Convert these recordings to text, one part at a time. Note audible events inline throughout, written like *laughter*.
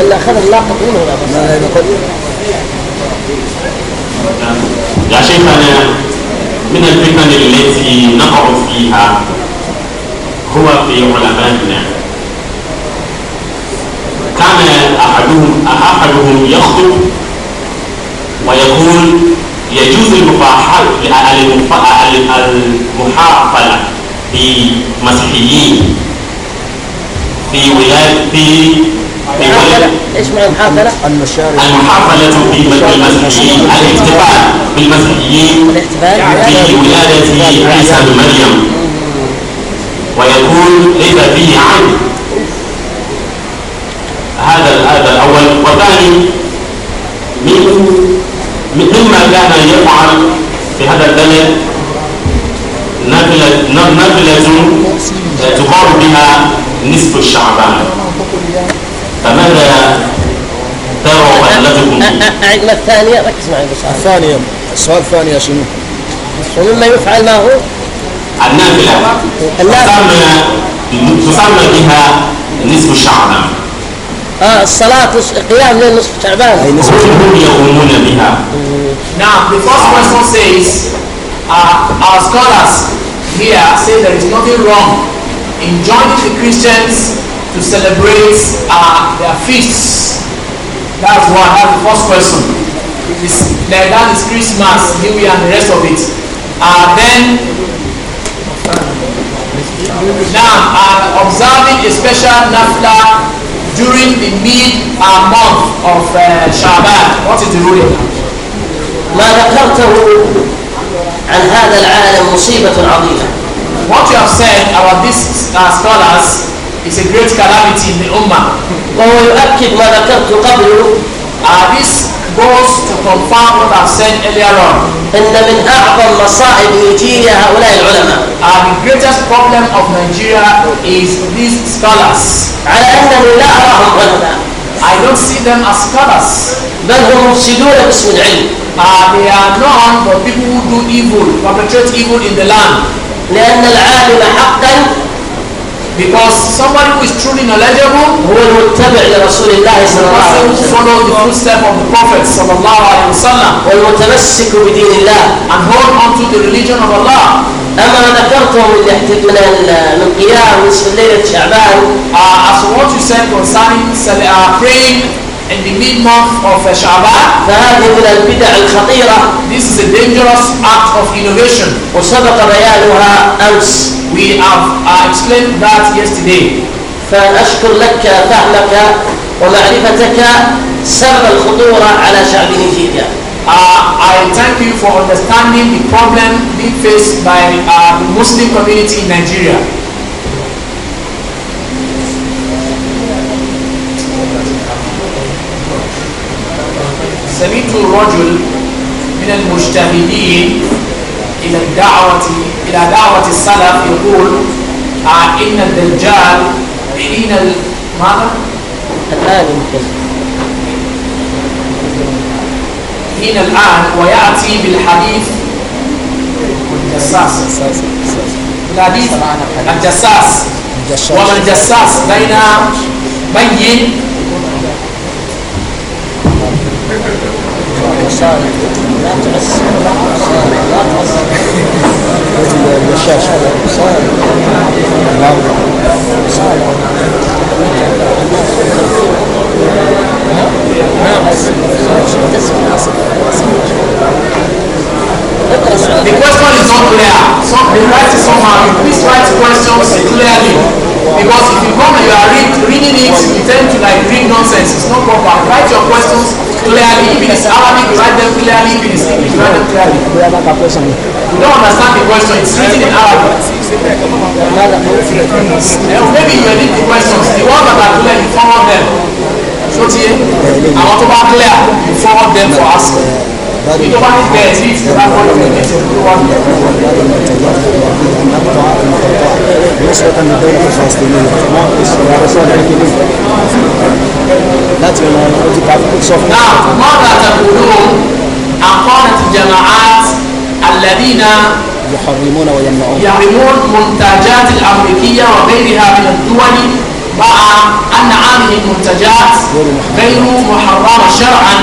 الا *laughs* اخذ اللاقط منه نعم. يا شيخنا من الفتن التي نقع فيها هو في علمائنا كان احدهم احدهم يخطب ويقول يجوز المحافلة بمسيحيين في ولاية في المحافظة ايش معنى المحافظة؟ المشاركة المحافلة في المحافظة بالاحتفال بالمسيحيين في ولادة عيسى بن مريم ويكون ليس فيه عمد هذا هذا الأول والثاني من مما كان يفعل في هذا البلد نبلة نبلة آه، تقام بها نصف الشعبان فماذا ترى حلتكم أعد الثانية ركز معي بس الثانية السؤال الثاني شنو؟ ومما يفعل ما هو؟ النافلة تسمى تسمى بها نصف الشعبان آه الصلاة قيام ليل نصف شعبان أي نصف شعبان يقومون بها Now the first person says uh, our scholars here say there is nothing wrong in joining the Christians to celebrate uh, their feasts. That's one. That's the first question. It's, that, that is Christmas, New Year, and the rest of it. Uh, then, now, uh, observing a special nafta during the mid uh, month of uh, Shaban. What is the ruling? ما ذكرته عن هذا العالم مصيبة عظيمة. What you have said about these uh, scholars It's a great calamity in the Ummah. وهو يؤكد ما ذكرت قبل Uh, this goes to confirm what I've said earlier on. إن من أعظم مصائب يجينا هؤلاء العلماء. And the greatest problem of Nigeria is these scholars. على أنني لا أراهم علماء. I don't see them as scholars. بل هم مفسدون باسم العلم. Uh, they are known for people who do evil, perpetrate evil in the land. لأن العالم حقا Because somebody who is truly knowledgeable هو المتبع لرسول الله صلى الله عليه وسلم follow the footsteps of the Prophet صلى الله عليه وسلم والمتمسك بدين الله and hold on to the religion of Allah أما ذكرته من من من قيام نصف ليلة شعبان as what you said concerning praying in the mid-month of Shaaban فهذه من البدع الخطيرة This is a dangerous act of innovation وسبق بيانها أمس We have uh, explained that yesterday. فأشكر لك فعلك ومعرفتك سبب الخطورة على شعب نيجيريا. Uh, I thank you for understanding the problem being faced by uh, the Muslim community in Nigeria. سمعت الرجل من المجتهدين إلى الدعوة إلى دعوة السلف يقول آه، إن الدجال حين ماذا؟ الآن حين الآن ويأتي بالحديث الجساس الحديث الجساس وما الجساس بين بين sabe? Lá pra cima, lá pra cima, lá pra cima. Ele mexia a chave, sabe? Lá, sabe? Não, mas acontece com essa. Depois do horizonte, Léa. some they write it somehow please write questions clearly because if you come and you are read, reading it you tend to like read nonsense it's not proper write your questions clearly if it is Arabic write them clearly if it is English write them clearly you don't understand the question it's written in Arabic maybe you edit the questions the ones that are clear you forward them so tiye àwọn to bá clear you forward them for asking. نعم ماذا تقولون عن قادة الجماعات الذين يحرمون ويمنعون يحرمون منتجات الأمريكية وغيرها من الدول رأى أن هذه المنتجات غير محرمة شرعا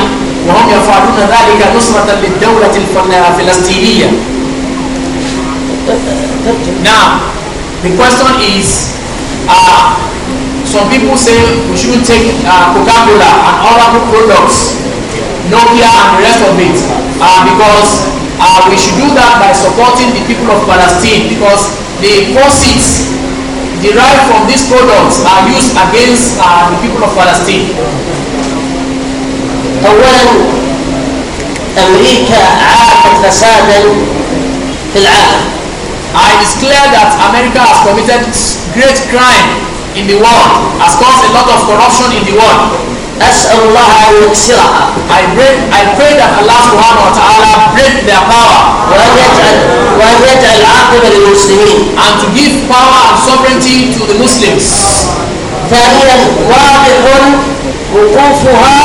وهم يفعلون ذلك نصرة للدولة الفلسطينية Now, the question is, uh, some people say we shouldn't take uh, Coca-Cola and other products, Nokia and the rest of it, uh, because uh, we should do that by supporting the people of Palestine because the forces. derived from these products are used against uh, the people of Palestine. أولا أمريكا عاقت فسادا في العالم. I declare that America has committed great crime in the world, has caused a lot of corruption in the world. I pray, I pray that Allah subhanahu wa ta'ala break their power and to give power and sovereignty to the Muslims ثانيا واضح وقوفها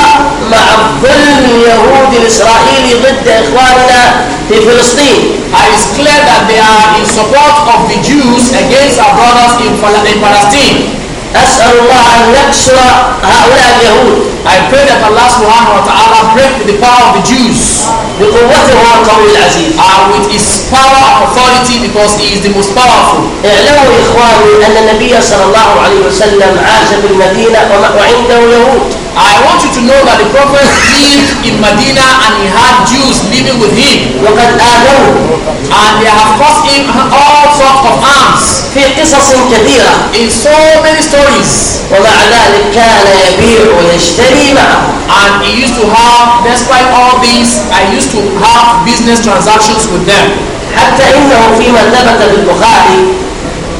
مع الظلم اليهودي الإسرائيلي ضد إخواننا في فلسطين. It is clear that they are in support of the Jews against our brothers in Palestine. أسأل الله أن يكسر هؤلاء اليهود I pray that Allah subhanahu wa ta'ala break the power of the Jews بقوته وقوي العزيز and with his power and authority because he is the most powerful اعلموا إخواني أن النبي صلى الله عليه وسلم عاش المدينة وعنده يهود I want you to the prophet lived in Medina and he had Jews living with him. وقد آذوه. And they have caused him all sorts of arms. في قصص كثيرة. In so many stories. ومع ذلك كان يبيع ويشتري معه. And he used to have, despite all these, I used to have business transactions with them. حتى إنه فيما ثبت بالبخاري.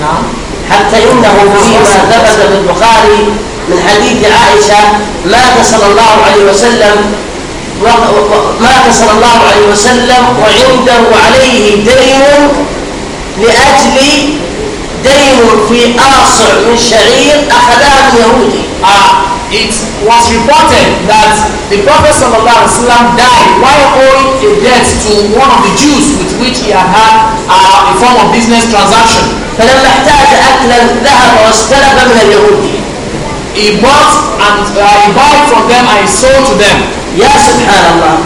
نعم. حتى إنه فيما ثبت بالبخاري من حديث عائشة مات صلى الله عليه وسلم مات صلى الله عليه وسلم وعنده عليه دين لأجل دين في آصع من شعير أخذها من يهودي آه، It was reported that the Prophet وسلم died while owing a debt to one of the Jews with which he had had uh, a form of business transaction. فلما احتاج أكلا ذهب واستلب من اليهودي he bought and uh, he bought from them and he sold to them. يا سبحان الله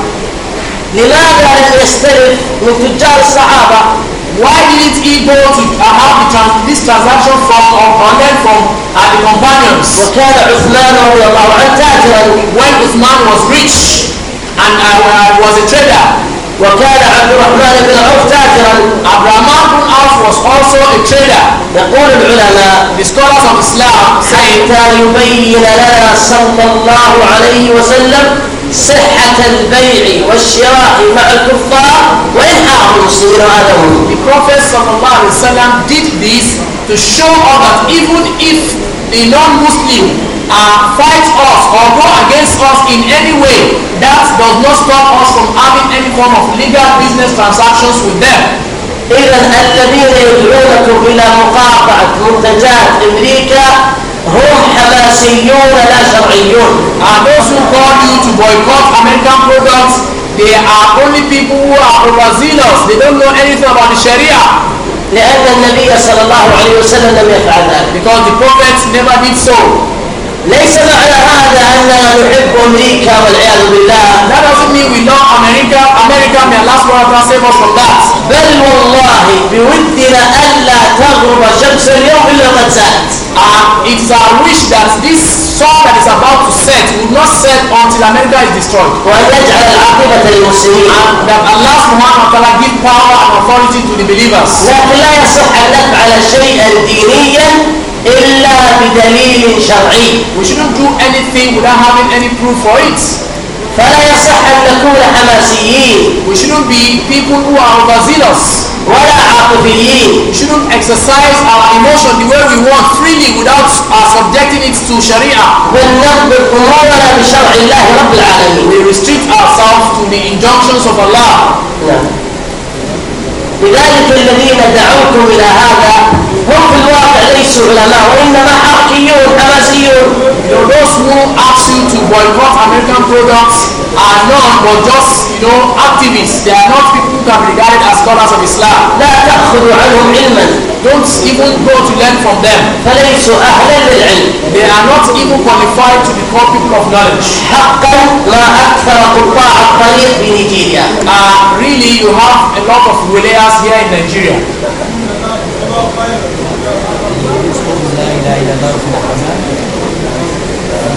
لماذا لم يستلف من تجار الصحابة why did it go to uh, have trans this transaction from or funded from uh, the companions. وكان عثمان رضي الله عنه تاجرا when Uthman was rich and uh, uh was a trader وكان عبد الرحمن بن عوف تاجرا عبد الرحمن بن عوف was also a trader يقول العلماء في سكولاس اوف اسلام حتى يبين لنا صلى الله عليه وسلم صحة البيع والشراء مع الكفار وإنحاء صير آدمهم The Prophet صلى الله عليه وسلم did this to show us that even if a non-Muslim uh, fight us or go against us in any way, that does not stop us from having any form of legal business transactions with them. إذن الذين يدعونكم إلى مقاطعة منتجات أمريكا هم حماسيون لا شرعيون. And those who call you to boycott American products, they are only people who are overzealous. They don't know anything about the Sharia. لأن النبي صلى الله عليه وسلم لم يفعل ذلك. Because the prophets never did so. ليس معنى هذا أننا نحب أمريكا والعياذ بالله That doesn't mean we love America America may Allah SWT save us from that بل والله بودنا ألا تغرب شمس اليوم إلا قد زالت And it's our wish that this sun that is about will not set until America is destroyed. ويجعل عاقبة المسلمين. And that Allah subhanahu wa ta'ala give power and authority to the believers. لكن لا يصح النقد على شيئا دينيا إلا بدليل شرعي. We shouldn't do anything without having any proof for it. فلا يصح أن نكون حماسيين We shouldn't be people who are overzealous ولا عاطفيين We shouldn't exercise our emotion the way we want freely without uh, subjecting it to Sharia ونقبل نضبط بشرع الله رب العالمين We restrict ourselves to the injunctions of Allah لذلك الذين دعوكم إلى هذا هم في الواقع ليسوا علماء وإنما حركيون حماسيون the, those who ask you to boycott American products are none but just you know activists. They are not people who can be regarded as scholars of Islam. لا تأخذ عنهم Don't even go to learn from them. فليسوا أهلا للعلم. They are not even qualified to be called people of knowledge. حقا ما أكثر قطاع الطريق بنيجيريا. Uh, really you have a lot of wilayas here in Nigeria.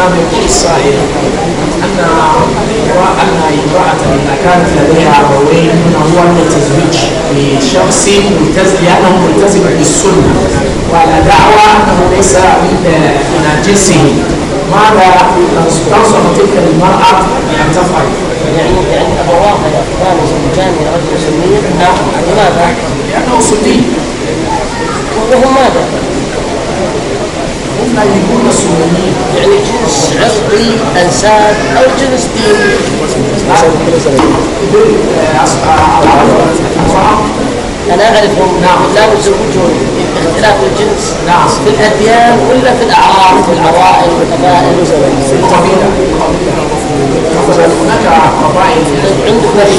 الإمام يقول أن أن امرأة إذا كانت لديها أبوين هو التزويج ملتزم لأنه ملتزم بالسنة وعلى دعوى أنه ليس من جنسه ماذا تنصح تلك المرأة بأن يعني تفعل؟ يعني يعني أبواه يقفان زوجان لرجل سني نعم. لماذا؟ لأنه سني وهم ماذا؟ هم يكونوا مسؤولين يعني جنس عرقي انساب او جنس ديني انا اعرفهم نعم لا يزوجون اختلاف الجنس نعم في الاديان ولا في الاعراف والعوائل والقبائل والقبيله هناك قبائل عندك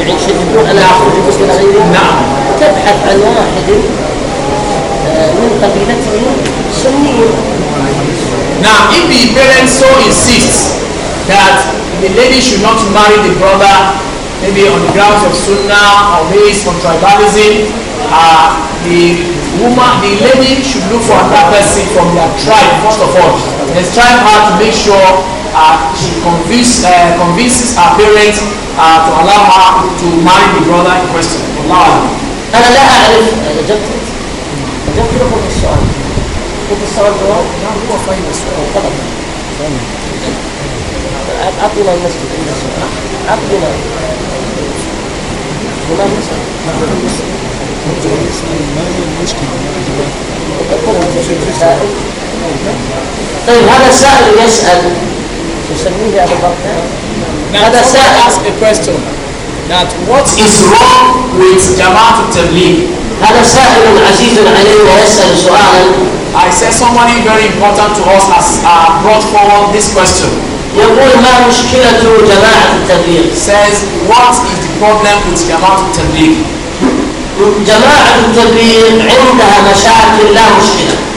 يعني يشددون على عقل المسلمين نعم تبحث عن واحد Now, if the parents so insist that the lady should not marry the brother, maybe on the grounds of sunnah or maybe it's from tribalism, uh, the woman, the lady should look for another person from their tribe, first of all. And try hard to make sure uh, she convince, uh, convinces her parents uh, to allow her to marry the brother in question. Allah. أنا لا أعرف já tira o potencial. O potencial dela na rua faz isso, cada um. Abdullah Messi, Abdullah. Abdullah Messi. طيب هذا السائل يسأل يسميه أبو بكر هذا سائل ask a question that what is wrong with جماعة التبليغ هذا سائل عزيز عليه ويسأل سؤالا I said somebody very important to us has uh, brought forward this question. يقول ما مشكلة جماعة التبليغ؟ Says what is the problem with جماعة التبليغ؟ جماعة التبليغ عندها مشاكل لا مشكلة.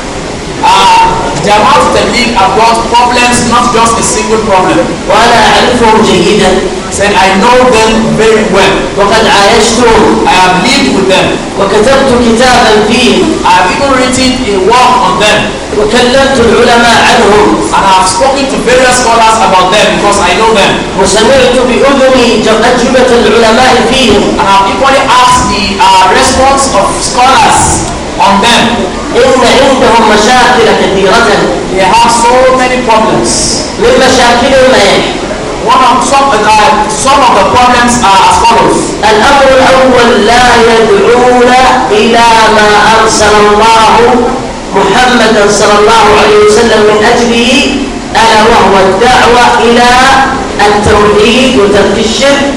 uh, جماعة التبليغ have problems not just a single problem وأنا أعرفهم جيدا said I know them very well وقد عايشتهم I have lived with them وكتبت كتابا فيهم I have even written a work on them وكلمت العلماء عنهم and I have spoken to various scholars about them because I know them وسمعت بأذني أجوبة العلماء فيهم and I have equally asked the uh, response of scholars عمال إن عندهم مشاكل كثيرة They have so many problems من مشاكلهم إيه؟ One of some, uh, uh, some of the problems are as follows الأمر الأول لا يدعون إلى ما أرسل الله محمدا صلى الله عليه وسلم من أجله ألا وهو الدعوة إلى التوحيد وترك الشرك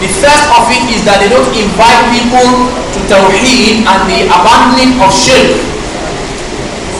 The first of it is that they don't invite people to Tawheed and the abandoning of shirk.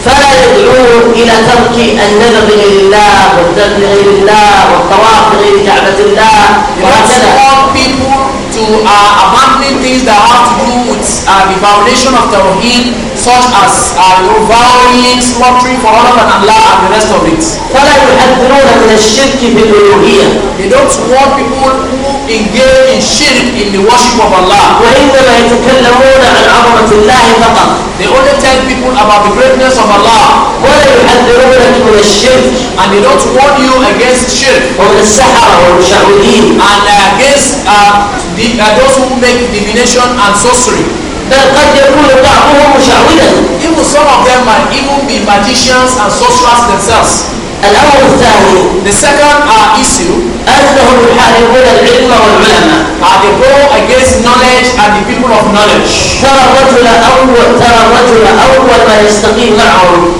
فلا يدعوهم إلى ترك النذر لله والذبح لله والطواف لغير كعبة الله وهكذا. people to uh, abandoning things that have to do with uh, the foundation of Tawheed such as uh, you know, violence, slaughtering for other than Allah and the rest of it. فَلَا يُحَذِّرُونَ مِنَ الشِّرْكِ بِالْأُلُوهِيَّةِ They don't want people who engage in shirk in the worship of Allah. وَإِنَّمَا يَتَكَلَّمُونَ عَنْ عَظَمَةِ اللَّهِ فَقَطْ They only tell people about the greatness of Allah. وَلَا يُحَذِّرُونَ مِنَ الشِّرْكِ And they don't warn you against shirk. وَمِنَ السَّحَرَةِ وَالْمُشَعُوذِينَ And uh, against uh, the, uh, those who make divination and sorcery. قد يكون بعضهم مشعوذا even some of them might even be magicians and sorcerers themselves الأمر الثاني the second uh, issue أنهم يحاربون العلم والعلماء are they go against knowledge and the people of knowledge ترى الرجل أول ترى الرجل أول ما يستقيم معهم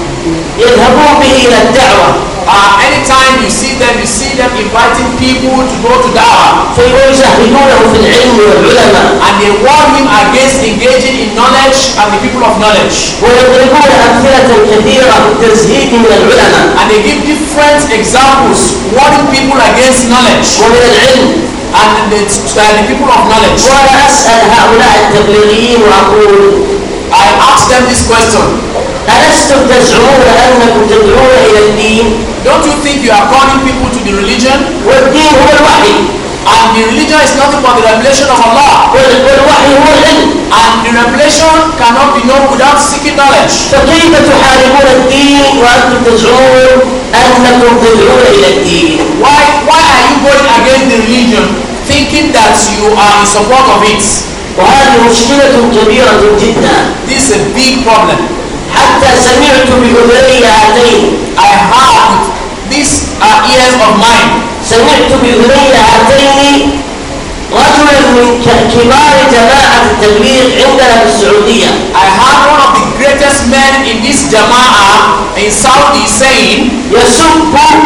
يذهبون به إلى الدعوة Uh, anytime you see them, you see them inviting people to go to da'wah. Uh, and they warn him against engaging in knowledge and the people of knowledge. And they give different examples warning people against knowledge. And the, the people of knowledge. I ask them this question. ألستم تزعمون أنكم تدعون إلى الدين Don't you think you are calling people to the religion? والدين هو الوحي And the religion is nothing but the revelation of Allah. والوحي هو العلم. And the revelation cannot be known without seeking knowledge. فكيف تحاربون الدين وأنتم تزعمون أنكم تدعون إلى الدين؟ Why why are you going against the religion, thinking that you are in support of it? وهذه مشكلة كبيرة جدا. This is a big problem. حتى سمعت بأذني هاتين I heard this are ears of mine سمعت بأذني هاتين رجلا من كبار جماعة التبليغ عندنا في السعودية I heard one of the greatest men in this جماعة in Saudi saying يسب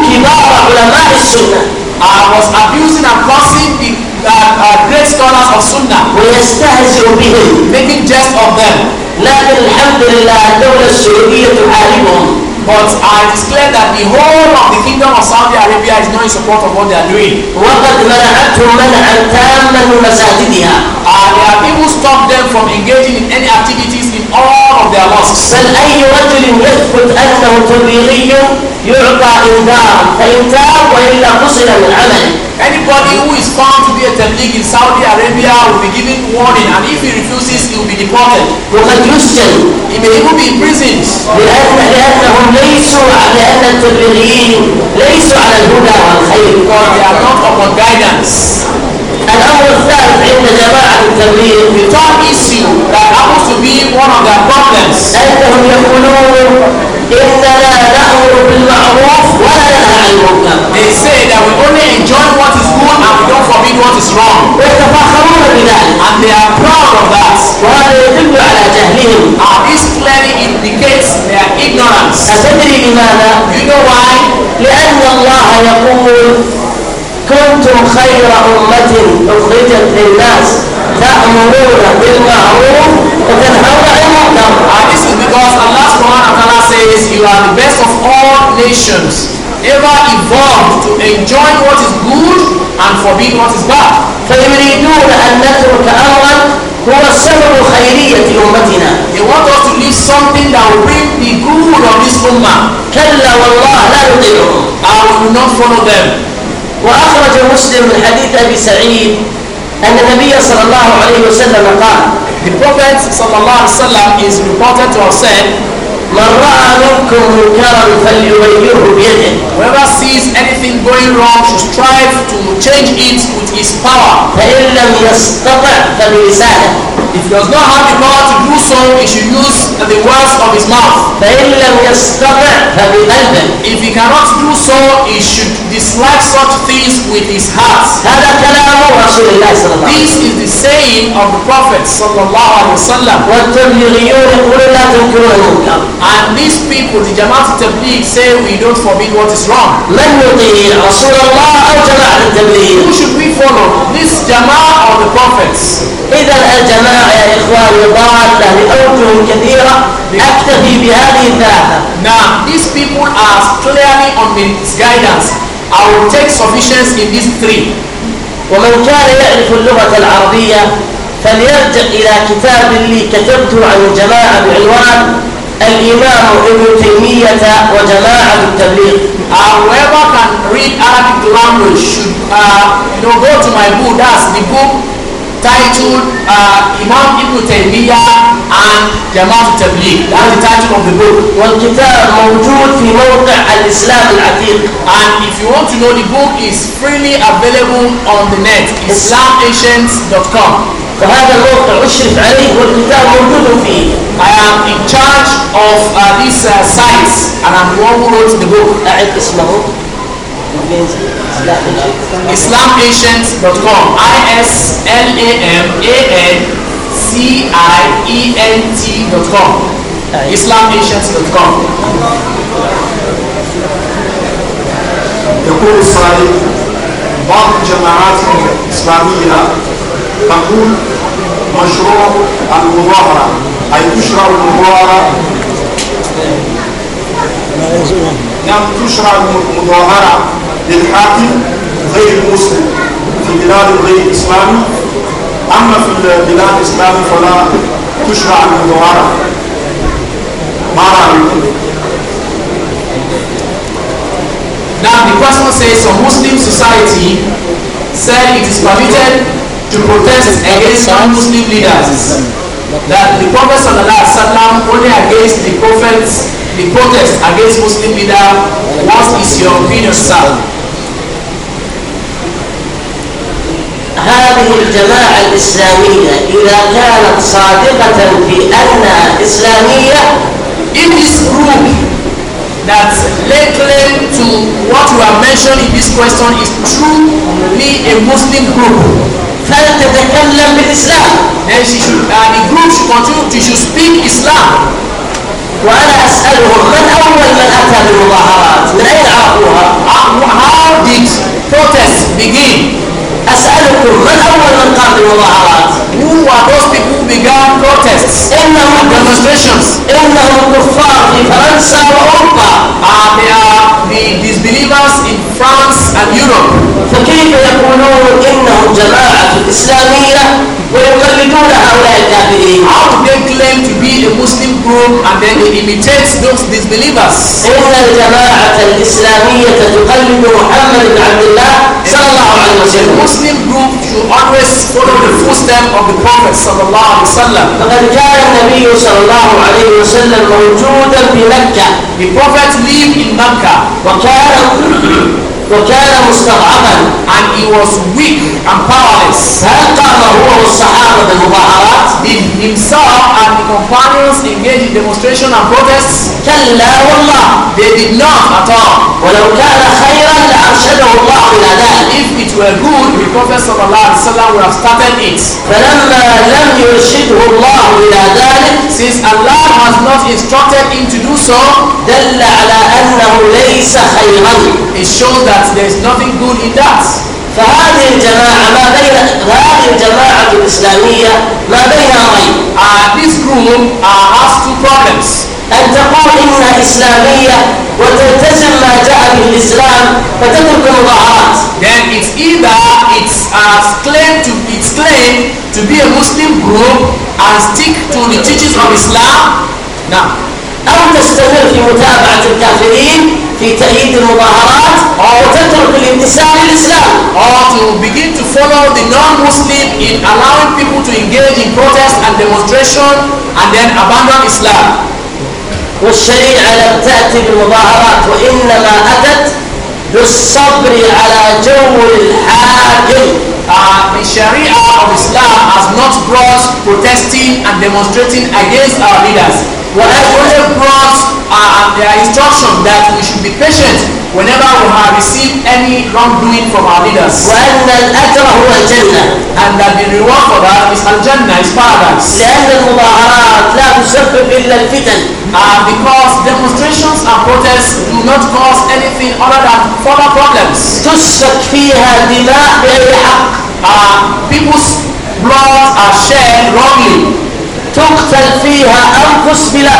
كبار علماء السنة I was abusing and cursing the uh, uh, great scholars of Sunnah. ويستهزئ بهم. Making jest of them. لكن الحمد لله الدولة السعودية تحاربهم But I it's that the whole of the kingdom of Saudi Arabia is not in support of what they are doing. وقد منعتهم منعا تاما من مساجدها have even stop them from engaging in any activities in all of their mosques. بل أي رجل يثبت أنه تبليغي يعطى إنذار فإن تاب وإلا فصل العمل. Anybody who is found to be a tabligh in Saudi Arabia will be given warning and if he refuses he will be deported. وقد يسجن. He may even be imprisoned. لأن لأنهم ليسوا لأن التبليغيين ليسوا على الهدى والخير. Because they are not upon guidance. الأمر الثالث عند جماعة التبليغ the third issue that happens to be one of their problems أنهم يقولون إننا نأمر بالمعروف ولا ننهى عن المنكر they say that we only enjoy what is good and we don't forbid what is wrong ويتفاخرون بذلك and they are proud of that وهذا يدل على جهلهم and this clearly indicates their ignorance أتدري لماذا؟ you know why؟ لأن الله يقول كنتم خير أمة أخرجت للناس تأمرون بالمعروف وتنهون عن المنكر. And this is because Allah subhanahu wa ta'ala says you are the best of all nations ever evolved to enjoy what is good and forbid what is bad. فيريدون أن نترك أمرا هو سبب خيرية أمتنا. They want us to leave something that will bring the good of this ummah. كلا والله لا نطيعهم. I will not follow them. وأخرج مسلم من حديث أبي سعيد أن النبي صلى الله عليه وسلم قال The Prophet صلى الله عليه وسلم is reported to have said من رأى منكم منكرا فليغيره بيده Whoever sees anything going wrong should strive to change it with his power فإن لم يستطع فبلسانه If he does not have the power to do so, he should use the words of his mouth. If he cannot do so, he should dislike such things with his heart. This is the saying of the Prophet And these people, the Jamaat Tabligh, say we don't forbid what is wrong. Who should we follow? This Jamaat or the Prophets? يا إخواني ضالة لأوجه كثيرة أكتفي بهذه الثلاثة Now these people are clearly on guidance I will take sufficiency in these three ومن كان يعرف اللغة العربية فليرجع إلى كتاب اللي كتبته عن الجماعة بعنوان الإمام ابن تيمية وجماعة التبليغ whoever can read Arabic language should uh, you know, go to my book. That's the book titled uh, Imam Ibn Taymiyyah and Jamaat Tabligh. That's the title of the book. والكتاب موجود في موقع الإسلام العتيق. And if you want to know the book is freely available on the net islamancients.com. فهذا الموقع أشرف عليه والكتاب موجود فيه. I am in charge of uh, this uh, site and I'm the one who wrote the book. أعد اسمه. islampatients.com i s l a m a n c i e n t.com islampatients.com يقول السائل بعض الجماعات الإسلامية تقول مشروع المظاهرة أي تشرع المظاهرة نعم تشرع المظاهرة للحاكم غير مسلم في بلاد غير الإسلامي أما في البلاد الإسلام فلا تشرع المضارة ما رأيكم Now the question says some Muslim society said it is permitted to protest against non-Muslim leaders that the Prophet sallallahu alaihi only against the prophets the protest against Muslim leader. What is your opinion, sir? هذه الجماعة الإسلامية إذا كانت صادقة في أنها إسلامية If this group that lay claim to what you have mentioned in this question is truly a Muslim group فلتتكلم بالإسلام then she should, uh, the group should continue to should speak Islam وأنا أسألهم من أول من أتى بالمظاهرات من أين عرفوها؟ how did protests begin أسألكم من أول من قام بالمظاهرات؟ You are those people who began protests إنهم demonstrations إنهم كفار في فرنسا وأوروبا uh, They are the disbelievers in France and Europe فكيف يقولون إنهم جماعة إسلامية ويقلدون هؤلاء الكافرين؟ How do they claim to be a Muslim group and then they imitate those disbelievers؟ إن الجماعة الإسلامية تقلد محمد بن عبد الله a Muslim group. to always follow the footsteps of the Prophet صلى الله عليه وسلم. فقد كان النبي صلى الله عليه وسلم موجودا في مكة. The Prophet lived in Mecca. وكان وكان مستضعفا and he was weak and powerless. هل قام هو والصحابة بالمظاهرات؟ Did himself and the companions engage in demonstration and protests? كلا والله. They did not at all. ولو كان خيرا لأرشده الله إلى ذلك. If it were good, the Prophet صلى الله Allah wa would have started it. فلما لم يرشده الله إلى ذلك since Allah has not instructed him to do so دل على أنه ليس خيرا it shows that there is nothing good in that. فهذه الجماعة ما بين هذه الجماعة الإسلامية ما بين أمرين. Uh, this group uh, has two problems. أن تقول إنها إسلامية وتلتزم ما جاء به الإسلام فتترك المضاعفات. Then it's either it's as claim to it's claim to be a Muslim group and stick to the teachings of Islam. Now. أو تستمر في متابعة الكافرين في تأييد المظاهرات وتترك الامتثال للإسلام. Or to begin to follow the non-Muslim in allowing people to engage in protest and demonstration and then abandon Islam. والشريعة لم تأتي بالمظاهرات وإنما أتت بالصبر على جو الحاكم Uh, the Sharia of Islam has not brought protesting and demonstrating against our leaders. What has brought uh, uh the instruction that we should be patient whenever we have received any wrongdoing from our leaders. وأن الأجر هو الجنة. And that the reward for that is الجنة is paradise. لأن المظاهرات لا تسبب إلا الفتن. Uh, because demonstrations and protests do not cause anything other than further problems. تسفك فيها دماء بغير حق. Uh, people's blood are shed wrongly. تقتل فيها أنفس بلا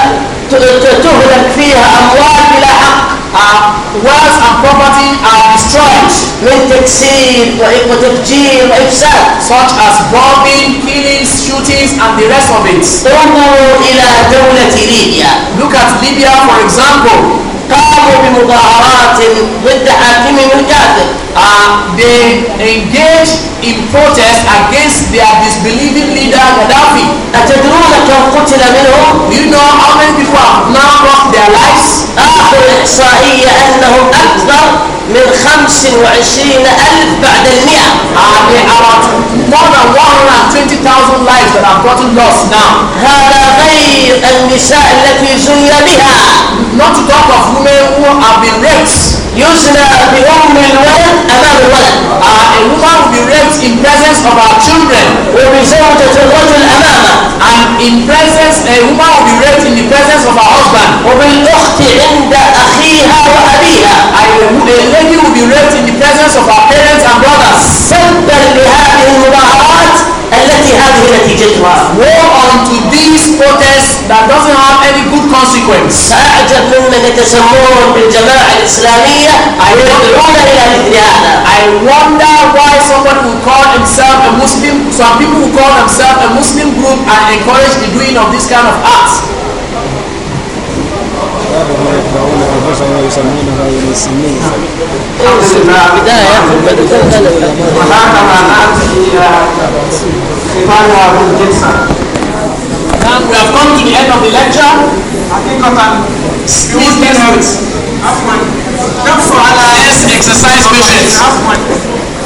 تهلك فيها أموال بلا حق wealth and property are destroyed من تكسير وتفجير وإفساد such as bombing, killings, shootings and the rest of it انظروا إلى دولة ليبيا look at Libya for example قاموا بمظاهرات ضد حاكم الكافر they engaged in protest against their disbelieving leader Gaddafi. Do You know how many people have now lost their lives? آخر إحصائية أنهم أكثر من 25 ألف بعد المئة. there are more than 120,000 lives that have gotten lost now. هذا غير النساء التي بها. Not to talk of women who have been raped. يزنى بأم الولد أمام الولد. Uh, a woman will be raped in presence of our children. Obìnrin tó tó lọ́jọ́ àmàmà. And in presence a woman will be raped in the presence of her husband. Obìnrin tó ti ẹ̀ńdà àkíyà wà àbíyà. And a lady will be raped in the presence of her parents and brothers. Sẹ́ńtẹ̀ lè ha ìhùwà àwọn ẹlẹ́tì ha ìhùwà ìjẹ̀tùwà. Woe unto these protests that doesn't have consequence. فأعجب ممن يتسمون بالجماعة الإسلامية يدعون إلى مثل I wonder why someone who call himself a Muslim, some people who call themselves a Muslim group are encouraged the doing of this kind of acts. وهكذا نأتي إلى we have come to the end of the lecture. Please let's do it. Have one. Have one. Let's exercise patience.